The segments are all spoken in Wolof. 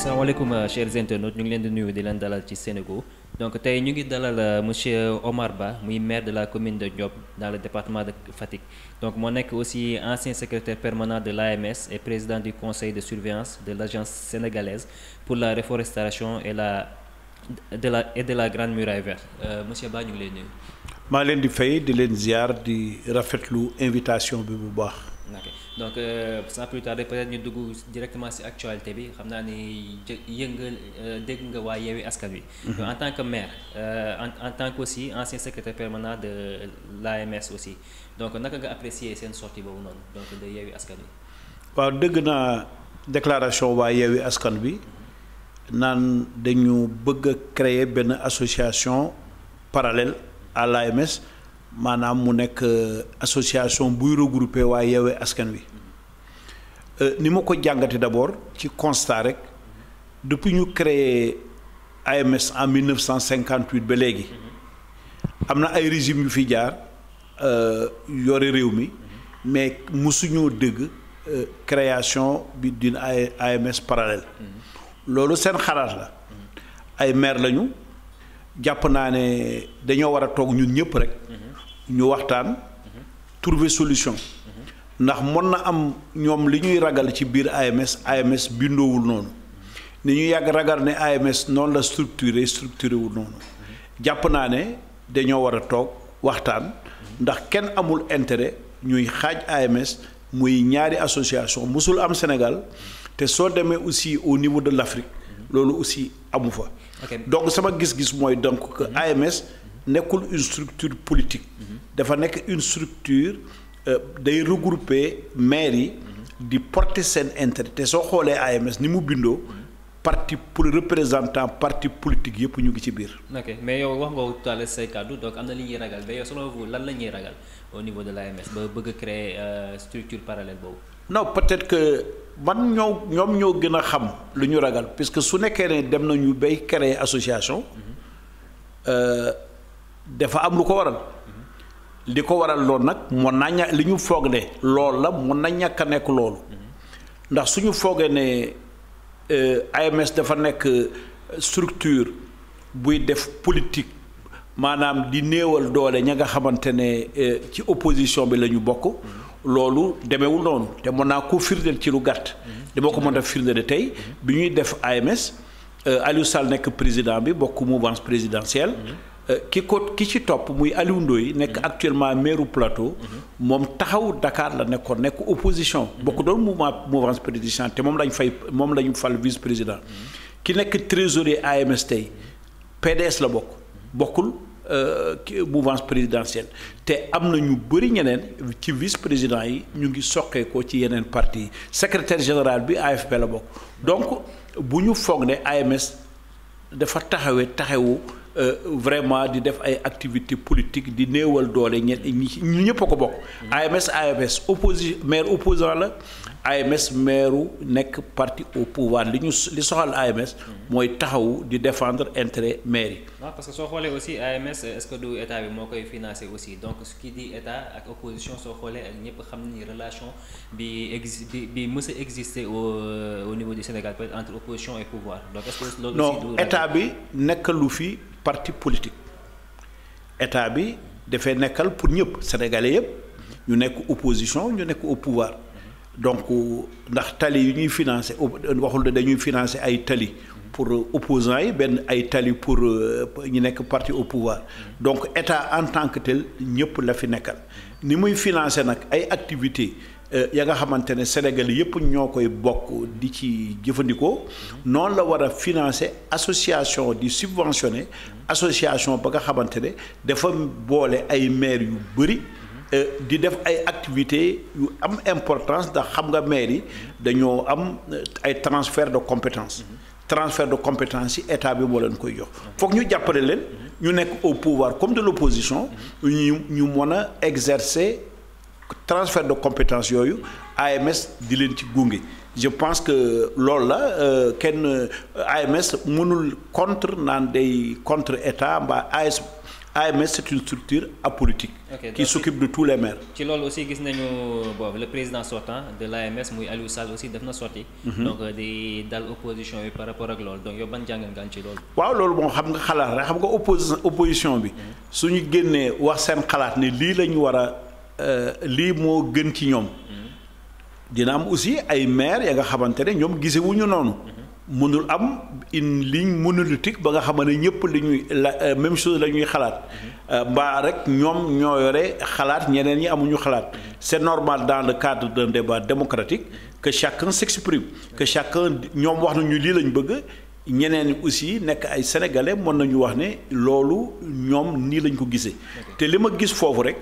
asalaamaaleykum euh, chers internautes ñu ngi leen di nuyu di leen dalal ci Sénégal donc tey ñu ngi dalal euh, monsieur Omar Ba muy maire de la commune de Ndiob dans le département de Fatick donc moo nekk aussi ancien secrétaire permanent de l'AMS et président du conseil de surveillance de l'agence sénégalaise pour la reforestation et la de la et la grande muraille verte euh, monsieur Ba ñu ngi lay nuyu. maa leen di fay di leen ziar di rafetlu invitation bi bu baax. donc euh, sans plus tarder peut-être ñu dugg directement ci actualité bi xam naa ni yëngal euh, dégg nga waa Yewwi Askan Wi. Mhm. en tant que maire euh, en en tant que aussi ancien secrétaire permanent de l'AMS aussi donc naka nga apprécier seen sortie boobu noonu donc de Yewwi Askan Wi. déclaration waa Yewwi Askan Wi naan dañu bëgg a créer benn association parallèle à l'AMS maanaam mu nekk euh, association buy regrouper waa Yewwi Askan Wi Euh, ni ma ko jàngate d'abord ci constat rek depuis ñu créé AMS en 1958 ba léegi am na ay régime yu fi jaar euh, yore réew mi mais musuñoo dégg euh, création bi d'une AMS parallèle loolu seen xalaat la ay maire lañu jàpp naa ne dañoo war a toog ñun ñëpp rek ñu waxtaan trouver solution ndax mën na am ñoom li ñuy ragal ci biir AMS AMS bindoowul noonu ni ñu yàgg ragal ne AMS noonu la structuré structuré wul noonu jàpp naa ne dañoo war a toog waxtaan ndax kenn amul intérêt ñuy xaaj AMS muy ñaari association mosul am Sénégal te soo demee aussi au niveau de l'Afrique loolu aussi amu fa donc sama gis-gis mooy donc que mhm. AMS nekkul une structure politique mhm. dafa nekk une structure Euh, day regrouper maires yi. di porter seen intérêt soo xoolee AMS ni mu bindoo. parti pour représentant parti politique yëpp ñu ngi ci biir. ok mais yow wax nga ko tout à l'heure say kàddu donc am na li ñuy ragal mais yow selon vous lan la ñuy ragal au niveau de la l'AMS ba bëgg créer euh, structure parallèle boobu. non peut-être que man ñoo ñoom ñoo gën a xam lu ñu ragal que su nekkee ne dem nañu bay créer association. Mhm. Euh, dafa am lu ko waral. li ko waral loolu nag mën naa ña li ñu foog ne loolu la mën na ñàkk a nekk loolu ndax su ñu foogee ne euh, AMS dafa nekk euh, structure buy def politique maanaam di néewal doole ña nga xamante ne euh, ci opposition bi la ñu bokk loolu demewul noonu te mën naa ko firndeel ci lu gàtt dama ko mën a firndeel tey bi ñuy def AMS Aliou nekk président bi bokk mouvance présidentielle Euh, ki ko ki ci topp muy Aliou yi nekk mhm. actuellement maire plateau mhm. moom taxaw Dakar la nekkoon nekk opposition mhm. bokk doon mouvement mouvance présidentielle te moom lañ fay moom lañu fal vice président ki nekk trésorier AMS tey PDS la bokk bokkul euh, mouvance présidentielle te am na ñu bëri ñeneen ci vice président yi ñu ngi soqeekoo ci yeneen partie secretaire général bi AFP la bokk donc bu ñu foog ne AMS dafa taxawee taxewu Euh, vraiment di def ay activité politique di néewal doole ñe ñi ñëpp a ko bokk mm-hmm. AMS AFS opposi maire opposant la AMS meeru nekk parti au pouvoir li ñu li soxal AMS. mooy taxawu di défendre intérêt maire yi. waaw parce que soo xoolee aussi AMS est-ce du état bi moo koy financer aussi donc ce qui dit état ak soo xoolee ñëpp xam ni relation bi exi bi bi mës a exister au euh, au niveau du Sénégal peut-être entre opposition et pouvoir donc non état bi nekkalu fi parti politique état bi dafay nekkal pour ñëpp sénégalais yëpp ñu nekk opposition ñu nekk au pouvoir. donc ndax tali yu ñuy financé waxul ne dañuy financé ay tali pour opposants yi benn ay tali pour euh, ñu nekk parti au pouvoir donc état en tant que tel ñëpp la fi nekkal ni muy finance nag ay activités euh, ya nga xamante ne Sénégal yëpp ñoo koy bokk di ci jëfandikoo noonu la war a financer association di subventionner association ba nga xamante ne dafa boole ay maires yu bëri Euh, di def ay activités yu am importance ndax xam nga maire yi dañoo am euh, ay transfert de compétence transfert de compétence yi état bi moo leen koy jox foog ñu jàppale leen ñu nekk au pouvoir comme de l'opposition ñu ñu mën a exercer transfert de compétence yooyu AMS di leen ci gunge je pense que loolu la euh, kenn AMS mënul contre naan day contre état mbaa AS AMS c'est une structure apolitique. Okay, qui s'occupe de tous les maires. ci loolu aussi gis nañu boobu le président sortant de l'AMS muy Aliou Sall aussi def na sorti. Mhm. donc euh, di dal opposition bi par rapport ak loolu donc yow ban jàngat nga ci loolu. waaw loolu bon xam nga xalaat rek xam nga opposition opposition bi. Mhm. suñu génnee wax seen xalaat ne lii la ñu war a euh, lii moo gën ci ñoom. Mhm. dina am aussi ay maires ya nga xamante ne ñoom gisewuñu noonu. mënul am une ligne monolithique ba nga xam ne ñëpp li ñuy la euh, même chose la ñuy xalaat mhm. euh, mbaa rek ñoom ñoo yore xalaat ñeneen ñi amuñu xalaat mhm. c'est normal dans le cadre d'un débat démocratique mhm. que chacun s'exprime que chacun ñoom wax nañu lii lañu bëgg ñeneen aussi nekk ay sénégalais mën nañu wax ne loolu ñoom nii lañ ko gisee te li ma gis foofu rek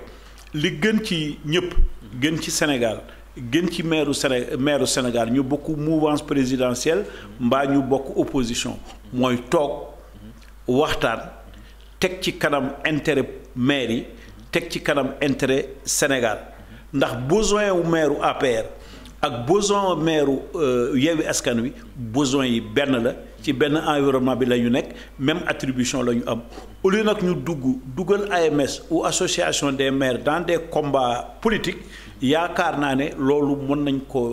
li gën ci ñëpp gën ci Sénégal gën ci meeru Séné meeru Sénégal ñu bokk mouvance présidentielle mbaa ñu bokk opposition mooy toog waxtaan teg ci kanam intérêt maire yi teg ci kanam intérêt Sénégal ndax besoin wu maire APR ak besoin maire euh, Yewwi Askan Wi besoin yi benn la ci benn environnement bi la ñu nekk même attribution la ñu am au nag ñu dugg dugal AMS ou association des maires dans des combats politiques yaakaar naa ne loolu mën nañ ko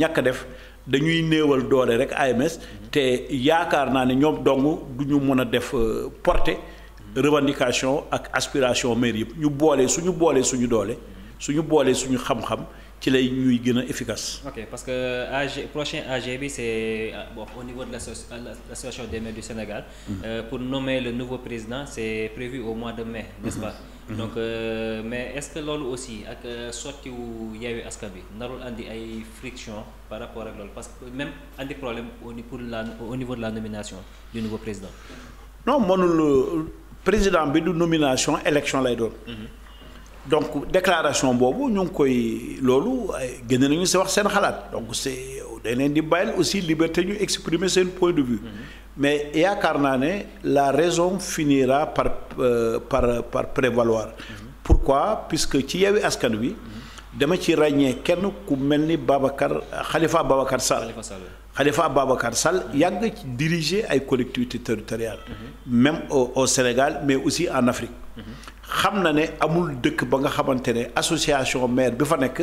ñàkk def dañuy néewal doole rek AMS te yaakaar naa ne ñoom dong du ñu mën a def euh, porter revendication ak aspiration maire yëpp ñu boole suñu boolee suñu doole suñu boolee suñu xam-xam ci lay ñuy gën a efficace. ok parce que AG prochain age bi c'est euh, bon au niveau de euh, l'association des maires du Sénégal. Mm-hmm. Euh, pour nommer le nouveau président c'est prévu au mois de mai nest mm-hmm. Mm-hmm. donc euh, mais est-ce que loolu aussi ak euh, sottiwu Yewwi Askan bi narul andi ay friction par rapport ak loolu parce que même andi problème au la au niveau de la nomination du nouveau président. non mënul euh, président bi du nomination élection lay doon. Mm-hmm. donc déclaration boobu ñu ngi koy loolu génne nañu si wax seen xalaat donc c'est dañ leen di bàyyil aussi liberté ñu exprimer seen point de vue. Mm-hmm. mais yaakaar naa ne la raison finira par euh, par par prévaloir. Mm -hmm. pourquoi puisque ci Yewwi Askan Wi. Mhm. dama ci ràññee kenn ku mel ni Babacar Khalifa Babacar Sall. Khalifa Babacar Sall mhm. yàgg ci diriger ay collectivités territoriales. Mhm. même au, au Sénégal mais aussi en Afrique. xam na ne amul dëkk ba nga xamante ne association maire bi fa nekk.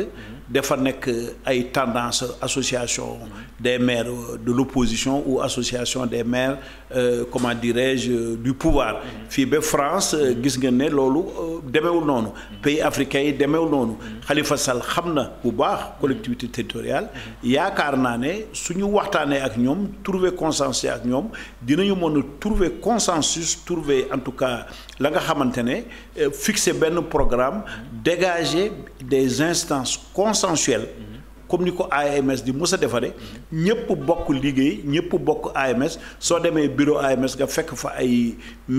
dafa nekk ay tendance association des maires euh, de l'opposition ou association des maires euh, comment dirais-je du pouvoir fii ba France euh, gis nga ne loolu euh, demeewul noonu pays africains yi demeewul noonu xalifa Sall xam na bu baax collectivité territoriale yaakaar naa ne suñu waxtaanee ak ñoom trouver consensus ak ñoom dinañu mën a trouver consensus trouver en tout cas la nga xamante ne fixer benn programme dégager des instances consensuel comme ni ko AMS di mës a defaree ñëpp bokk liggéey ñëpp bokk AMS soo demee bureau AMS nga fekk fa ay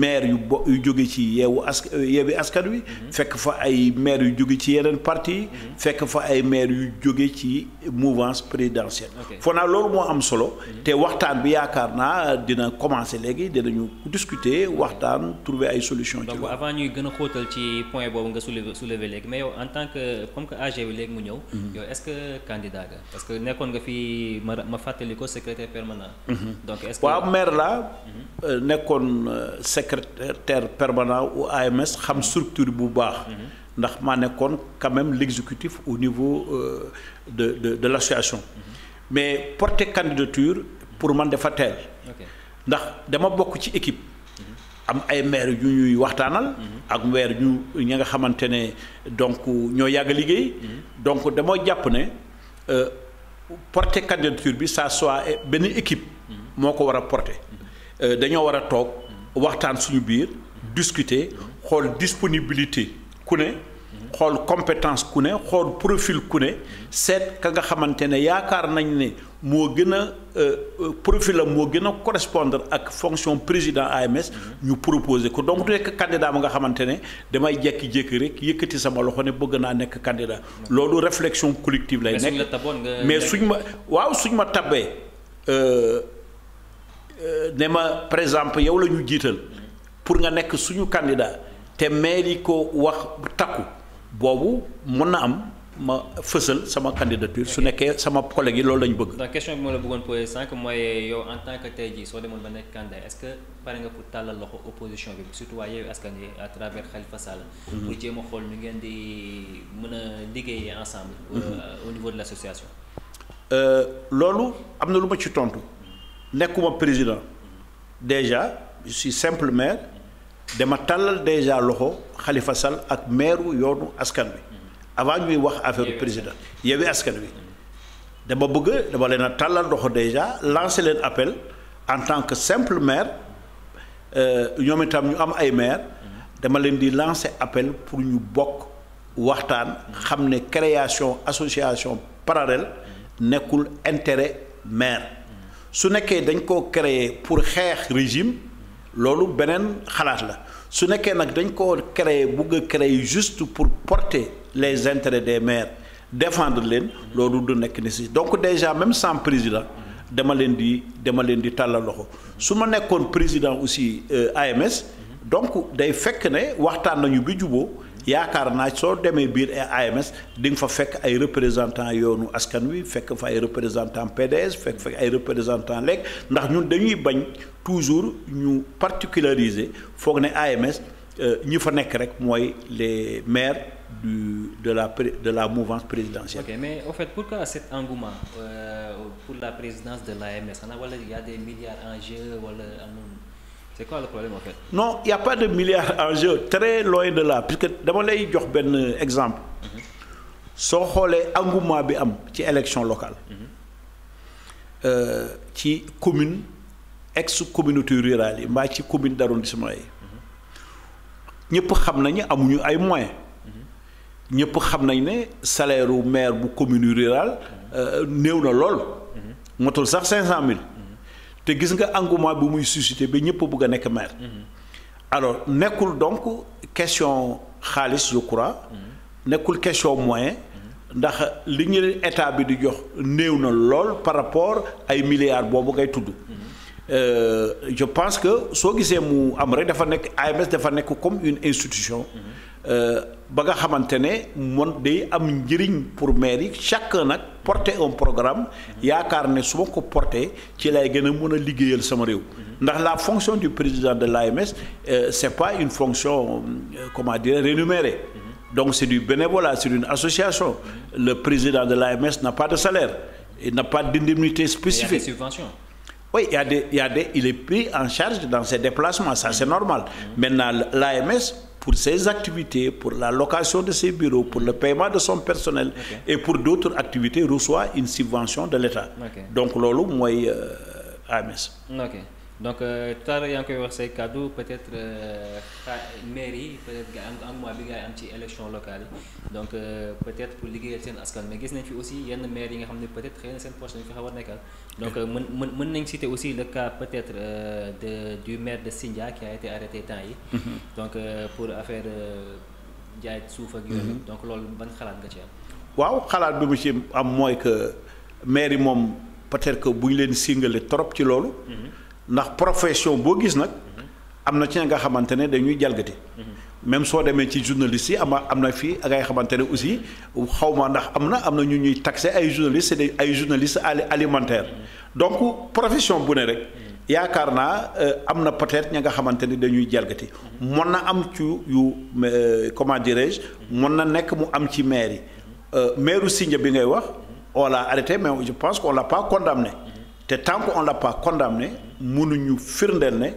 maire yu bo yu jóge ci yeewu ask yeewi askan wi mhm. fekk fa ay maire yu jóge ci yeneen parti mhm. fekk fa ay maire yu jóge ci mouvance présidentielle foo naa loolu moo am solo mhm. te waxtaan bi yaakaar naa dina commencer léegi dinañu discuter waxtaan trouver ay solution ci donc avant ñuy gën a xóotal ci point boobu nga soulever soulever léegi mais yow en tant que comme que AG bi léegi mu ñëw candidat ga parce que nekkoon nga fi ma ma fàttali ko secrétaire permanent. Mhm. donc est-ce que waaw maire la mhm. euh, nekkoon euh, secrétaire permanent ou AMS xam mhm. structure bu baax. ndax maa nekkoon quand même l'exécutif au niveau euh, de de de l'association. mais porté candidature pour man defa teel. ndax dama bokk ci équipe. am ay maire yu ñuy waxtaanal. ak maire ñu ñi nga xamante ne donc ñoo yàgg liggéey. donc dama jàpp ne. Euh, porter candidature bi ça soit eh, benn équipe. Mhm. moo ko war a porter. Mhm. Euh, dañoo war a toog mhm. waxtaan suñu biir discuter xool disponibilité ku ne. xool compétence ku ne xool profil ku ne seet ka nga xamante ne yaakaar nañ ne moo gën a euh, euh, profil am moo gën a correspondre ak fonction président AMS mhm. ñu proposer ko donc du nekk candidat ma nga xamante ne damay jékki-jékki rek yëkkati sama loxo ne bëgg naa nekk candidat mhm. loolu réflexion collective lay nekk mais suñ ma waaw suñ ma tabbee euh, ne ma par exemple yow la ñu jiital mhm. pour nga nekk suñu candidat te maire yi ko wax takku boobu mën na am ma fësal sama candidature su nekkee sama collègue yi loolu lañu bëgg. ndax question bi ma la bëggoon posé sànq mooy yow en tant que tey soo demoon ba nekk candidat est-ce que pare nga pour tàllal loxo opposition mhm. jéem a xool nu ngeen di mën a liggéeyee ensemble. Euh, mhm. au niveau de l'association. Euh, loolu am na lu ma ci tontu. nekkuma président mhm. déjà je suis simple maire. dama tàllal déjà loxo xalifa Sall ak meeru yoonu askan wi avant ñuy wax affaire président Yewwi Askan Wi dama bëgg dama leen a tàllal loxo déjà lancer leen appel en tant que simple maire euh, ñoom itam ñu am ay maire dama leen di lancer appel pour ñu bokk waxtaan xam ne création association parallèle nekkul intérêt maire su nekkee dañ ko créer pour xeex régime loolu beneen xalaat la su nekkee nag dañ ko créer bugg a créer juste pour porter les intérêts des maires défendre leen loolu du nekk ni si donc déjà même sans président dama leen di dama leen di tàllal su ma nekkoon président aussi euh, AMS donc day fekk ne waxtaan nañu bi juboo yaakaar naa soo demee biir AMS di nga fa fekk ay représentants yoonu askan wi fekk fa ay représentants PDS fekk fa ay représentants lekk ndax ñun dañuy bañ toujours ñu particulariser foog ne AMS euh, ñi fa nekk rek mooy les maire du de la de la mouvance présidentielle. mais au fait pourquoi cet engouement euh, pour la présidence de l'AMS xanaa wala y a des milliards en jeu wala amul. c'est quoi le non y' a pas de milliard en jeu très loin de là puisque dama lay jox benn exemple. soo xoolee engouement bi am ci élection locale. Mhm. Euh, ci commune ex communauté rurale yi mbaa ci commune d' arrondissement yi. ñëpp xam nañu amuñu ay moyen ñëpp xam nañ ne salaire u maire bu commune rurale euh, néew na lool. motul mhm. sax cinq cent mille. te gis nga engouement bi muy suscité bi ñëpp bëgg a nekk maire. Mm-hmm. alors nekkul donc question xaalis yu crois. Mm-hmm. nekkul question moyen. Mm-hmm. ndax li ñu état bi di jox néew na lool par rapport ay milliards boobu ngay tudd. Euh, je pense que soo gisee mu am rek dafa nekk AMS dafa nekk comme une institution. Euh, ba nga xamante ne moom day am njëriñ pour maire yi chacun nag. porté un programme yaakaar ne su ma ko porter ci lay gën a mën a liggéeyal sama réew ndax la fonction du président de l'AMS euh, c'est pas une fonction euh, comment dire rémunérée donc c'est du bénévolat c'est une association le président de l'AMS n'a pas de salaire n'a pas d'indemnité spécifique mais il y a des subventions oui il est pris en charge dans ses déplacements ça c'est normal mmh. maintenant l'AMS pour ses activités, pour la location de ses bureaux, pour le paiement de son personnel et pour d'autres activités reçoit une subvention de l'État. Okay. Donc loolu mooy euh, AMS. donc euh, tout à yaa ngi koy wax say kaddu peut-être euh, maire yi peut-être nga am engouement bi ngay ci élection locale yi donc euh, peut-être pour liggéeyal seen askan mais gis nañ fi aussi yenn maire yi nga xam ne peut-être xëy seen poche lañu fi xaw a nekkal donc mën mën nañ citer aussi le cas peut-être de du maire de Sindia qui a été arrêté temps yi mm-hmm. donc pour affaire jaay suuf ak yooyu mm-hmm. donc loolu ban xalaat nga ci am waaw xalaat bi mu ci am mooy que maire yi moom peut-être que bu ñu leen singale trop ci loolu mm-hmm. ndax profession boo gis nag mhm. am na ci nga xamante ne dañuy jalgati. Mhm. même soo demee ci journaliste yi ama am na fii a ngay xamante ne aussi xaw ma ndax am na am na ñu ñuy taxé ay journalistes c'est ay journalistes alimentaires mhm. donc profession bu ne rek. yaakaar naa euh, am na peut-être ña nga xamante ni dañuy jalgati mën na am ci yu me euh, comment dirais-je mën na nekk mu am ci maire yi euh, maire Sindia bi ngay wax on l'a arrêté mais je pense qu'on l'a pas condamné te tant qu'on l'a pas condamné mënuñu firndeel ne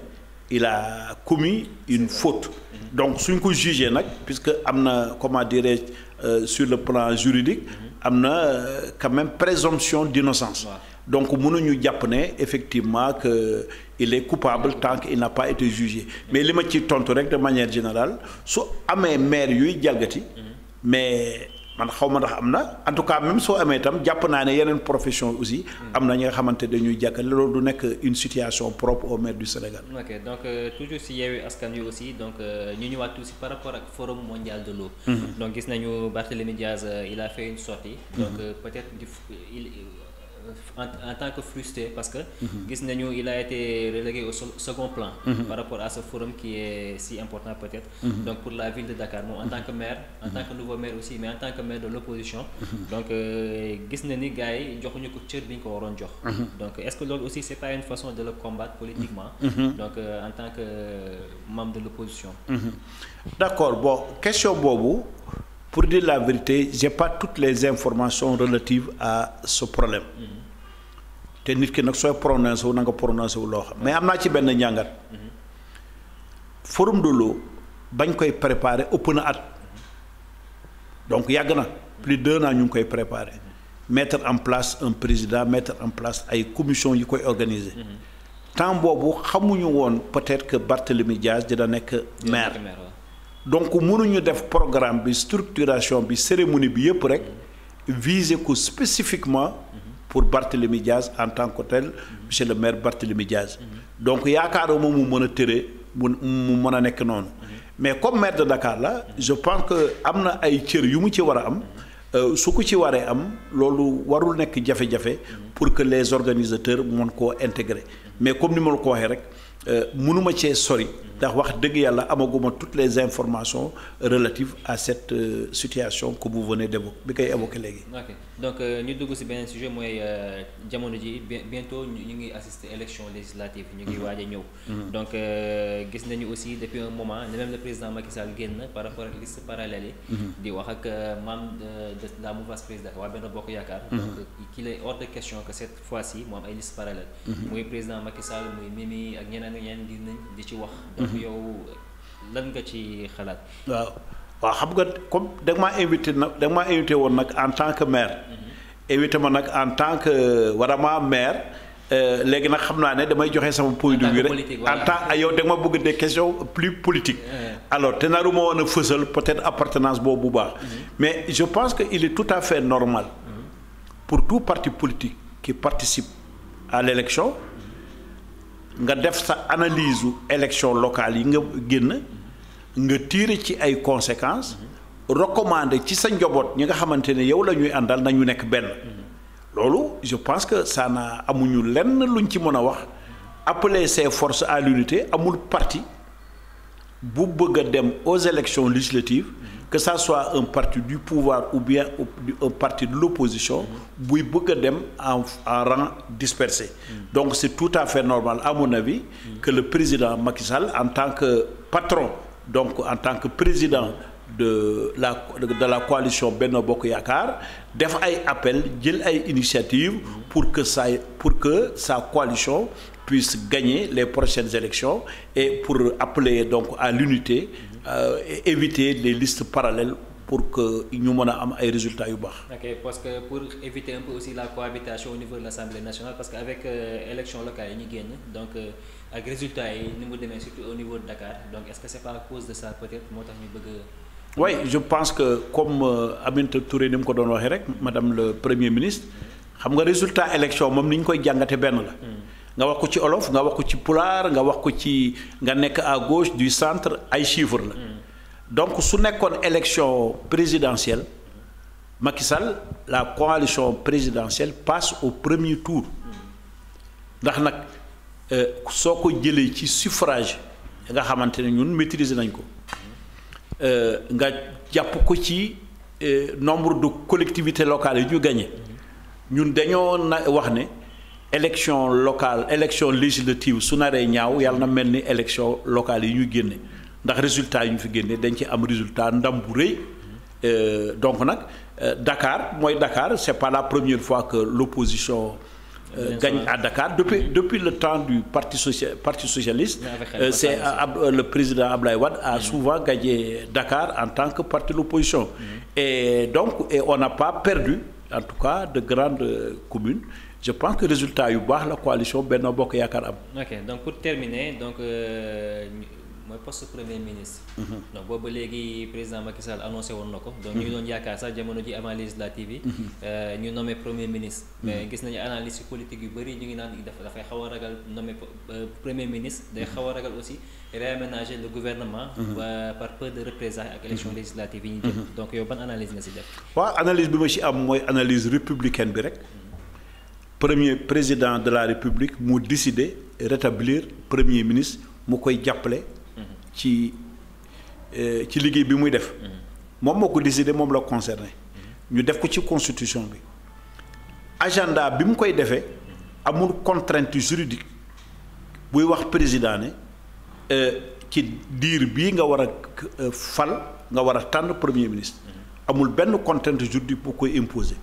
il a commis une faute donc suñ ko jugee nag puisque am na comment dirais euh, sur le plan juridique am na euh, quand même présomption d'innocence donc mënuñu jàpp ne effectivement que il est coupable tant qu'il n'a pas été jugé mais li ma ci tontu rek de manière générale su amee maire yuy jalgati mhm. mais man xaw ma ndax am na en tout cas même soo amee tam jàpp naa ne yeneen profession aussi. Hmm. am na ñi nga xamante dañuy jàkkale loolu du nekk une situation propre au maire du Sénégal. ok donc euh, toujours si Yewwi Askan Wi aussi donc euh, ñu ñëwaat aussi par rapport ak forum moo de l'eau. Mm donc gis nañu Barthélémy Diaz euh, il a fait une sortie hmm. donc mm -hmm. peut-être il. en tant que frustré parce que mhm. gis nañu il a été relégué au second plan mhm. par rapport à ce forum qui est si important peut-être mhm. donc pour la ville de Dakar moom en tant que maire en tant que nouveau maire aussi mais en tant que maire de l'opposition donc euh, gis na ni gars joxuñu ko cër bi ñu ko waroon jox donc est-ce que loolu aussi c'est pas une façon de le combattre politiquement donc euh, en tant que euh, membre de l'opposition d'accord bon question boobu pour dire la vérité je pas toutes les informations relatives à ce problème te nit ki nag sooy prononcé wu na nga prononcé wu loo xam mais am naa ci benn njàngat forum de l'eau bañ koy préparer ëpp na at donc yàgg na plus d'un naa ñu ngi koy préparer mettre en place un président mettre en place ay commission yi koy organiser mhm. temps boobu xamuñu woon peut-être que Barthélemy Diaz dina nekk maire donc mënuñu def programme bi structuration bi cérémonie bi yëpp rek viser ko spécifiquement pour Barthélémy Diaz en tant que tel monsieur le maire Barthélémy Diaz donc yaakaaruma mu mën a tëree mu mu mën a nekk noonu mais comme maire de Dakar la je pense que am na ay cër yu mu ci war a am euh, su ko ci waree am loolu warul nekk jafe-jafe pour que les organisateurs mën koo intégré mais comme ni ma la ko waxee rek euh, mënuma cee sori ndax wax dëgg yàlla amaguma toutes les informations relatives à cette euh, situation que vous venez d'évoquer bi koy évoquer léegi. donc euh, ñu dugg ci beneen sujet mooy euh, jamono ji bientôt ñu ngi assister élection législative ñu ngi mhm. waaj a ñëw. Mhm. donc euh, gis nañu aussi depuis un moment même le président Macky Sall génn par rapport ak liste parallèle yi. Mhm. di wax ak membre de mu mouvance présidentielle waa benn Bokk Yaakaar. donc qu'il est hors de question que cette fois-ci mu am ay liste parallèle muy président Macky Sall mii Mimi ak ñeneen ak ñeneen di nañ di ci wax. donc yow lan nga ci xalaat. waaw xam nga comme da nga maa invité nag da nga maa invité woon nag en tant que maire. Mm-hmm. invité ma nag en tant que vraiment euh, maire. Euh, léegi nag xam naa ne damay joxe sama point de vue rek en tant ah, yow da ma bëgg de questions plus politiques alors te naru ma woon a fësal peut-être appartenance boobu bu baax mm-hmm. mais je pense que il est tout à fait normal mm-hmm. pour tout parti politique qui participe à l'élection nga def sa analyse élection locale yi nga génn nga tiire ci ay conséquences recommander ci sa njoboot ñi nga xamante ne yow lañuy àndal nañu nekk benn loolu je pense que ça amuñu lenn luñ ci mën a wax appeler ces forces à l'unité amul parti bu bëgg dem aux élections législatives que ça soit un parti du pouvoir ou bien un parti de l'opposition buy bëgg dem en en rang dispersé donc c'est tout à fait normal à mon avis que le président Macky en tant que patron donc en tant que président de la de la coalition Benno Bokk Yaakaar def ay appel jël ay initiative pour que sa pour que sa coalition puisse gagner les prochaines élections et pour appeler donc à l'unité euh, et éviter les listes parallèles pour que ñu mën a am ay résultats yu baax. ok parce que pour éviter un peu aussi la cohabitation au niveau de l'Assemblée nationale parce que avec euh, élection locale yi ñu génn donc. Euh, ak résultats yi ni mu demee surtout au niveau de Dakar donc est-ce que c'est pas à cause de ça peut-être moo tax ñu bëgg oui je pense que comme euh, Aminata Touré ni mu ko doon waxee rek madame le premier ministre xam nga résultat élection moom li ñu koy jàngate benn la hmm. nga wax ko ci olof nga wax ko ci pulaar nga wax ko ci nga nekk à gauche du centre ay chiffres la hmm. donc su nekkoon élection présidentielle Macky Sall la coalition présidentielle passe au premier tour hmm. ndax nag Euh, soo ko jëlee ci suffrage nga xamante ne ñun maîtriser nañ ko euh, nga jàpp ko ci euh, nombre du collectivité locales yi ñu gagné ñun dañoo na wax ne élection locale élection législative su naree ñaaw yàlla na mel ni élection locale yi ñu génne ndax résultat yi ñu fi génne dañ ci am résultat ndam bu rëy donc nag dakaar mooy Dakar c'est pas la première fois que l'opposition Euh, gagne à Dakar depuis depuis le temps du parti social parti socialiste euh, c'est euh, le président Ablaye Wade a mmh. souvent gagné Dakar en tant que parti de l'opposition mm-hmm. et donc et on n'a pas perdu en tout cas de grandes communes je pense que résultat yu baax la coalition Benno Bokk Yaakaar am. donc pour donc. Euh, mooy poste premier ministre. Mhm. donc boobu léegi président Macky Sall annoncé woon na ko. donc ñu ngi doon yaakaar sax jamono ji avant législative yi. Mhm. Euh, ñu mhm. mais gis nañu analyse politique yu bëri ñu ngi naan dafay xaw a ragal nommé euh, premier ministre day ragal aussi réaménager le gouvernement. par peur de représailles ak élection législative yi ñu donc yow ban analyse nga si def. waaw analyse bi ma si am mooy analyse républicaine bi rek. premier président de la république mu décidé rétablir premier ministre mu koy jàppale. ci euh, ci liggéey bi muy def mhm. moom moo ko décidé moom la concerné mhm. ñu def ko ci constitution bi agenda bi mu koy defee amul contrainte juridique buy wax président ne euh, ci diir bii nga war a euh, fal nga war a tànn premier ministre mhm. amul benn contrainte juridique bu koy imposer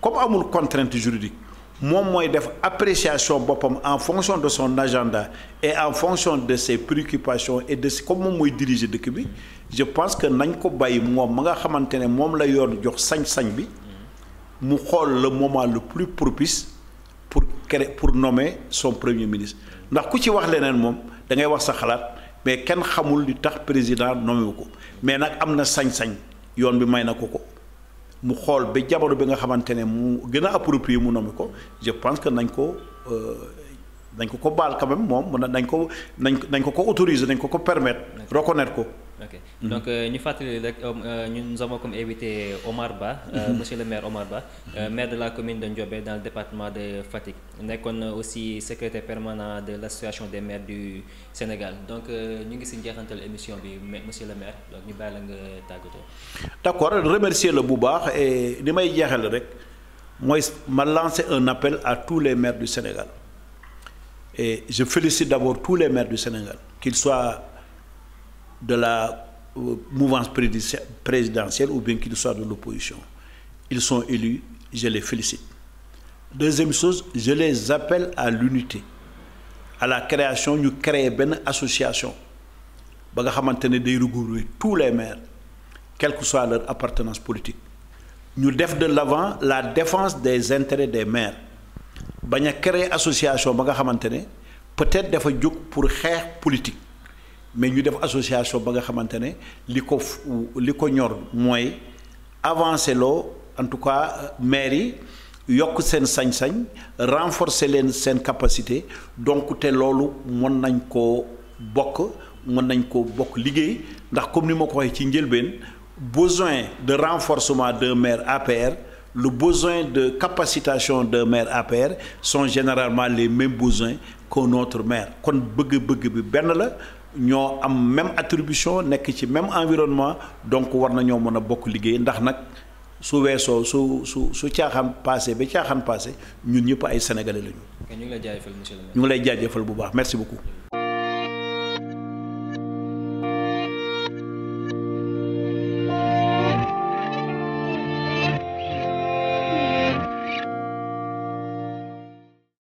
comme amul contrainte juridique moom mooy def appréciation boppam en fonction de son agenda et en fonction de ses préoccupations et de comme moom mooy diriger dëkk bi je pense que nañ ko bàyyi moom ma nga xamante ne moom la yoon jox sañ-sañ bi mu xool le moment le plus propice pour créer pour nommer son premier ministre ndax ku ci wax leneen moom da wax sa xalaat mais kenn xamul li tax président nommé ko mais nag am na sañ-sañ yoon bi may na ko ko. mu xool ba jamono bi nga xamante ne mu gën a approprié mu nomi ko je pense que nañ ko euh, nañ ko ko baal quand moom mun na nañ ko nañ nañ ko ko autoriser nañ ko ko permettre reconnaître ko ok mm donc euh, ñu fàttali rek euh, euh, ñun nous avons comme Omar Ba. Mhm. monsieur le maire Omar Ba. Euh, mhm. de la commune de Ndiobé dans le de Fatick nekkoon aussi secrétaire permanent de l' association des maires du Sénégal donc ñu ngi si njeexantal émission bi monsieur le maire donc ñu bàyyi la nga tàggatoo. d' accord la bu baax et li may jeexal rek mooy ma lancer un appel à tous les maires du Sénégal et je félicite d' abord tous les maires du Sénégal qu'ils de la euh, mouvance présidentielle ou bien qu'ils soient de l'opposition. Ils sont élus, je les félicite. Deuxième sous je les appelle à l'unité. À la création, ñu créer benn association ba nga xamante ne day regrouper tous les maires, quelle que soit leur appartenance politique. ñu def de l'avant la défense des intérêts des maires bañ a créer association ba nga xamante ne peut-être dafa jóg pour xeex politique. mais ñu def association ba nga xamante ne li ko li ko ñor mooy avancé loo en tout cas maire yi yokk seen sañ-sañ renforcer leen seen capacité donc te loolu mën nañ koo bokk mën nañ ko bokk liggéey ndax comme ni ma ko waxee ci njëlbeen besoin de renforcement d'un maire APR le besoin de capacitation d'un maire APR sont généralement les mêmes besoins qu'un autre maire kon bëgg-bëgg bi benn la ñoo am même attribution nekk ci même environnement donc war nañoo mën a bokk liggéey ndax nag su weesoo su su su caaxaan passé ba caaxaan passé ñun ñëpp ay sénégalais lañu. ñu ngi lay jaajëfal monsieur ñu ngi lay jaajëfal bu baax merci beaucoup.